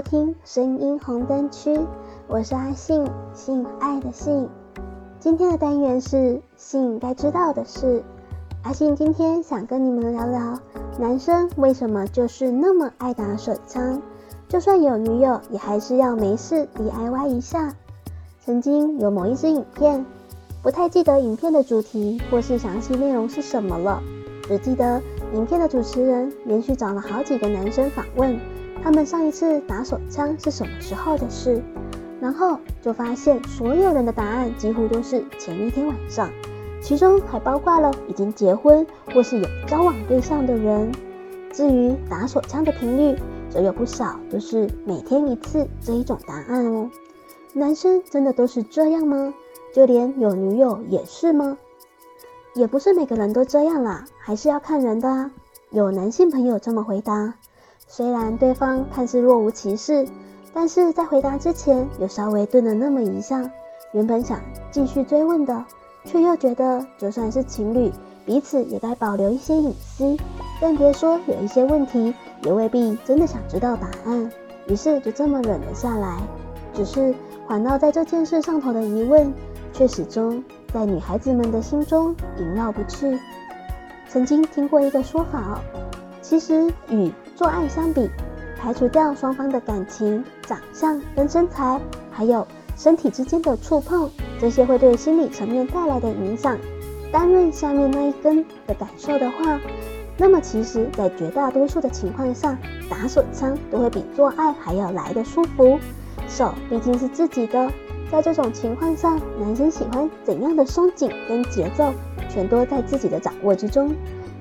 收聽聲音紅燈區，我是阿性，性愛的性。今天的單元是性該知道的事。阿性今天想跟你們聊聊，男生為什麼就是那麼愛打手槍，就算有女友也還是要沒事 DIY 一下。曾經有某一支影片，不太記得影片的主題或是詳細內容是什麼了，只記得影片的主持人連續找了好幾個男生訪問。他們上一次打手槍是什麼時候的事？然後就發現所有人的答案幾乎都是前一天晚上，其中還包括了已經結婚或是有交往對象的人。至於打手槍的頻率，則有不少都是每天一次這一種答案哦。男生真的都是這樣嗎？就連有女友也是嗎？也不是每個人都這樣啦，還是要看人的啊。有男性朋友這麼回答。雖然對方看似若無其事，但是在回答之前又稍微頓了那麼一下。原本想繼續追問的，卻又覺得就算是情侶，彼此也該保留一些隱私，更別說有一些問題也未必真的想知道答案。於是就這麼忍了下來。只是環繞在這件事上頭的疑問，卻始終在女孩子們的心中縈繞不去。曾經聽過一個說法，其實與，做愛相比，排除掉雙方的感情、長相跟身材，還有身體之間的觸碰，這些會對心理層面帶來的影響。單論下面那一根的感受的話，那麼其實在絕大多數的情況下，打手槍都會比做愛還要來得舒服。手畢竟是自己的，在這種情況上，男生喜歡怎樣的鬆緊跟節奏，全都在自己的掌握之中，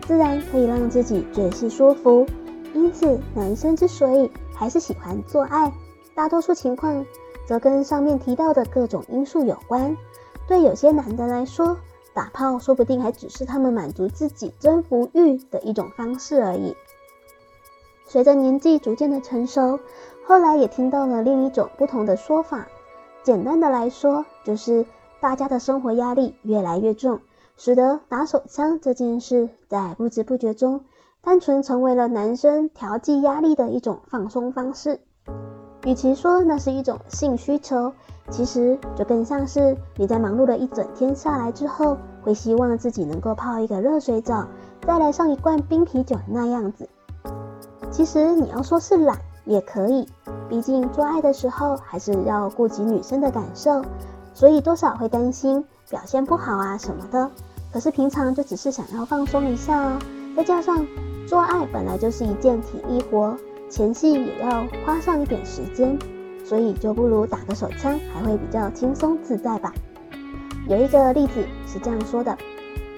自然可以讓自己覺得是舒服。因此，男生之所以還是喜歡做愛，大多數情況則跟上面提到的各種因素有關。對有些男的來說，打炮說不定還只是他們滿足自己征服慾的一種方式而已。隨着年紀逐漸的成熟，後來也聽到了另一種不同的說法。簡單的來說，就是大家的生活壓力越來越重，使得打手槍這件事在不知不覺中，單純成為了男生調劑壓力的一種放鬆方式，與其說那是一種性需求，其實就更像是你在忙碌了一整天下來之後，會希望自己能夠泡一個熱水澡，再來上一罐冰啤酒的那樣子。其實你要說是懶也可以，畢竟做愛的時候還是要顧及女生的感受，所以多少會擔心表現不好啊什麼的。可是平常就只是想要放鬆一下哦，再加上。做愛本來就是一件體力活，前戲也要花上一點時間，所以就不如打個手槍，還會比較輕鬆自在吧。有一個例子是這樣說的，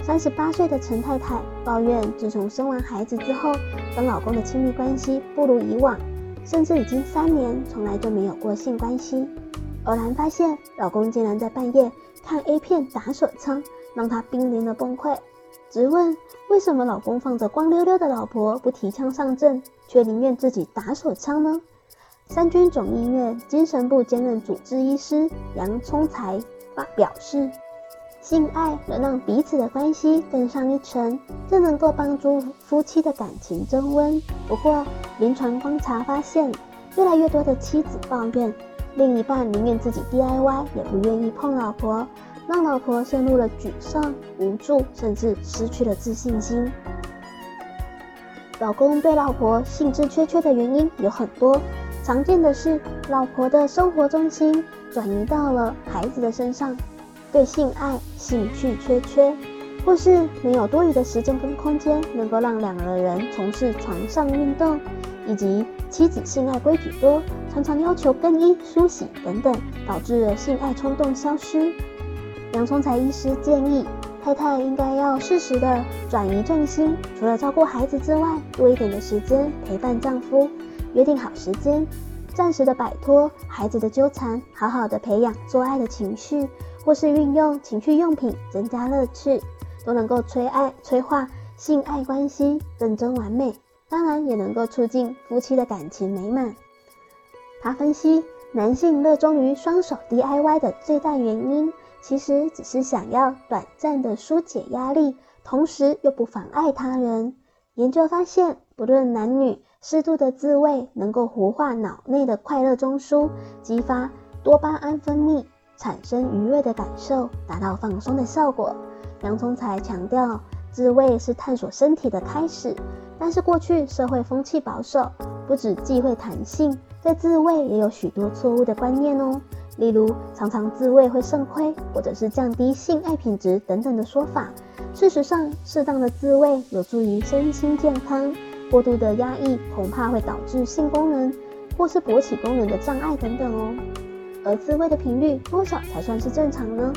三十八歲的陳太太抱怨，自從生完孩子之後，跟老公的親密關係不如以往，甚至已經三年從來就沒有過性關係。偶然發現老公竟然在半夜看 A 片打手槍，讓她瀕臨了崩潰。直問為什麼老公放着光溜溜的老婆不提槍上陣，卻寧願自己打手槍呢？三軍總醫院精神部兼任主治醫師楊聰才表示，性愛能讓彼此的關係更上一層，更能夠幫助夫妻的感情增溫。不過，臨床觀察發現，越來越多的妻子抱怨，另一半寧願自己 DIY 也不願意碰老婆。讓老婆陷入了沮喪、無助，甚至失去了自信心。老公對老婆興致缺缺的原因有很多，常見的是老婆的生活重心轉移到了孩子的身上，對性愛興趣缺缺，或是沒有多餘的時間跟空間能夠讓兩個人從事床上運動，以及妻子性愛規矩多，常常要求更衣、梳洗等等，導致性愛衝動消失。楊聰才醫師建議，太太應該要適時的轉移重心，除了照顧孩子之外，多一點的時間陪伴丈夫，約定好時間，暫時的擺脫孩子的糾纏，好好的培養做愛的情緒，或是運用情趣用品增加樂趣，都能夠催愛催化性愛關係，更臻完美。當然，也能夠促進夫妻的感情美滿。他分析，男性熱衷於雙手 DIY 的最大原因。其實只是想要短暫的疏解壓力，同時又不妨礙他人。研究發現，不論男女，適度的自慰能夠活化腦內的快樂中樞，激發多巴胺分泌，產生愉悅的感受，達到放鬆的效果。楊聰財強調，自慰是探索身體的開始，但是過去社會風氣保守，不只忌諱彈性，對自慰也有許多錯誤的觀念哦。例如，常常自慰會腎虧，或者是降低性愛品質等等的說法。事實上，適當的自慰有助於身心健康，過度的壓抑恐怕會導致性功能或是勃起功能的障礙等等哦。而自慰的頻率多少才算是正常呢？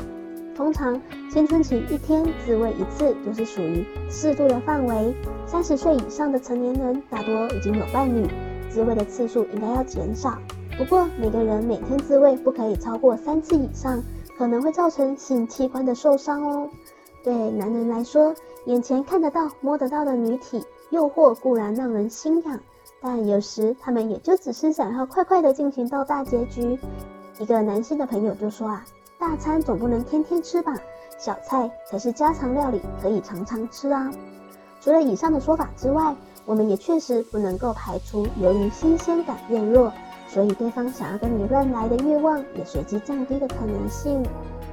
通常，青春期一天自慰一次都是屬於適度的範圍。三十歲以上的成年人大多已經有伴侶，自慰的次數應該要減少。不過，每個人每天自慰不可以超過三次以上，可能會造成性器官的受傷哦。對男人來說，眼前看得到、摸得到的女體誘惑固然讓人心癢，但有時他們也就只是想要快快地進行到大結局。一個男性的朋友就說啊，大餐總不能天天吃吧，小菜才是家常料理，可以常常吃啊。除了以上的說法之外，我們也確實不能夠排除由於新鮮感變弱。所以對方想要跟你亂來的欲望也隨之降低的可能性。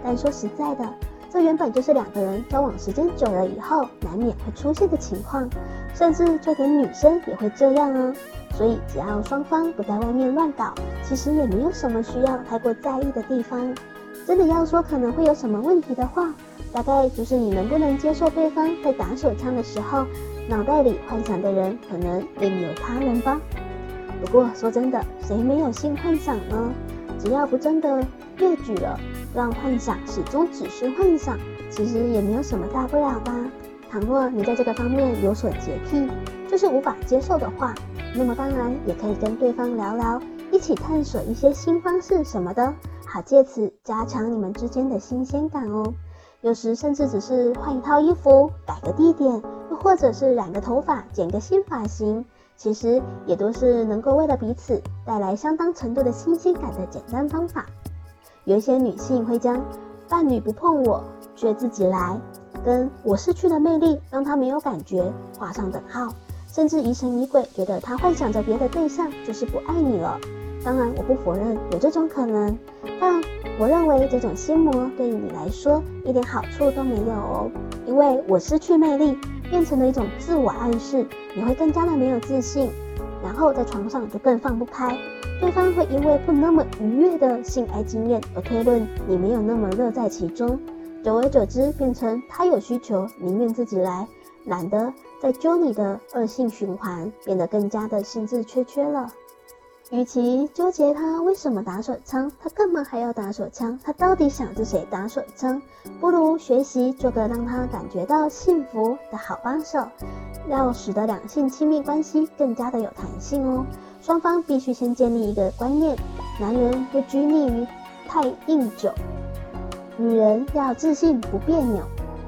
但說實在的，這原本就是兩個人交往時間久了以後難免會出現的情況，甚至就連女生也會這樣哦。所以只要雙方不在外面亂搞，其實也沒有什麼需要太過在意的地方。真的要說可能會有什麼問題的話，大概就是你能不能接受對方在打手槍的時候，腦袋裡幻想的人可能另有他人吧。不過說真的，誰沒有性幻想呢？只要不真的越矩了，讓幻想始終只是幻想，其實也沒有什麼大不了吧。倘若你在這個方面有所潔癖，就是無法接受的話，那麼當然也可以跟對方聊聊，一起探索一些新方式什麼的，好借此加強你們之間的新鮮感哦。有時甚至只是換一套衣服，改個地點，又或者是染個頭髮，剪個新髮型。其實也都是能夠為了彼此帶來相當程度的新鮮感的簡單方法。有一些女性會將伴侶不碰我卻自己來，跟我失去的魅力讓他沒有感覺畫上等號，甚至疑神疑鬼，覺得他幻想着別的對象就是不愛你了。當然，我不否認有這種可能，但我認為這種心魔對於你來說一點好處都沒有哦。因為我失去魅力，變成了一種自我暗示，你會更加的沒有自信，然後在床上就更放不開。對方會因為不那麼愉悅的性愛經驗而推論你沒有那麼樂在其中，久而久之變成他有需求寧願自己來，懶得再揪你的惡性循環，變得更加的興致缺缺了。與其糾結他為什麼打手槍，他幹嘛還要打手槍，他到底想着誰打手槍？不如學習做個讓他感覺到幸福的好幫手，要使得兩性親密關係更加的有彈性哦。雙方必須先建立一個觀念：男人不拘泥於太硬久，女人要自信不彆扭。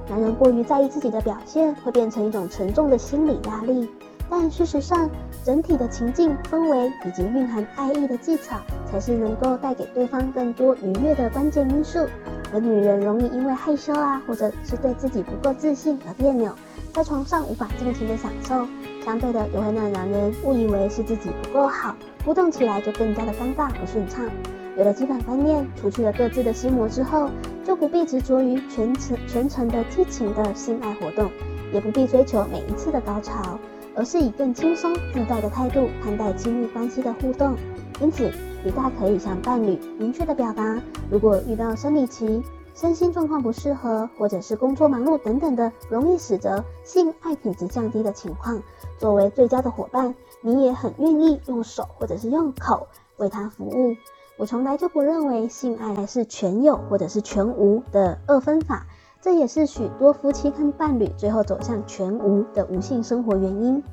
男人過於在意自己的表現，會變成一種沉重的心理壓力。但事實上，整體的情境氛圍以及蘊含愛意的技巧，才是能夠帶給對方更多愉悅的關鍵因素。而女人容易因為害羞啊，或者是對自己不夠自信而別扭，在床上無法盡情的享受，相對的也會讓男人誤以為是自己不夠好，互動起來就更加的尷尬不順暢。有了基本觀念，除去了各自的心魔之後，就不必執着於全程全程的激情的性愛活動，也不必追求每一次的高潮。而是以更輕鬆自在的態度看待親密關係的互動，因此，你大可以向伴侶明確的表達，如果遇到生理期、身心狀況不適合，或者是工作忙碌等等的容易使得性愛品質降低的情況，作為最佳的夥伴，你也很願意用手或者是用口為他服務。我從來就不認為性愛是全有或者是全無的二分法。這也是許多夫妻跟伴侶最後走向全無的無性生活原因，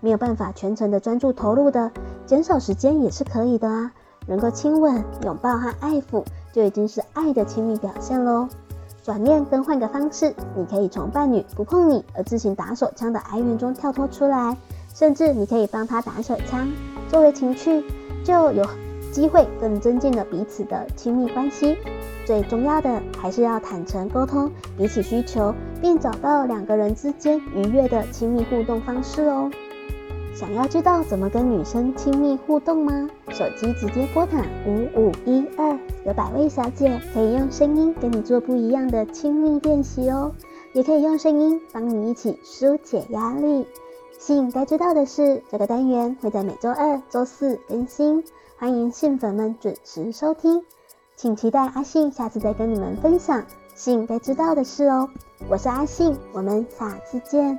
沒有辦法全程的專注投入的，減少時間也是可以的啊。能夠親吻、擁抱和愛撫就已經是愛的親密表現嘍。轉念跟換個方式，你可以從伴侶不碰你而自行打手槍的哀怨中跳脫出來，甚至你可以幫他打手槍作為情趣，就有。機會更增進了彼此的親密關係。最重要的還是要坦誠溝通彼此需求，並找到兩個人之間愉悅的親密互動方式哦。想要知道怎麼跟女生親密互動嗎？手機直接撥打五五一二，有百位小姐可以用聲音跟你做不一樣的親密練習哦，也可以用聲音幫你一起紓解壓力。性該知道的事，這個單元會在每周二、周四更新。歡迎性粉們準時收聽，請期待阿性下次再跟你們分享性該知道的事哦。我是阿性，我們下次見。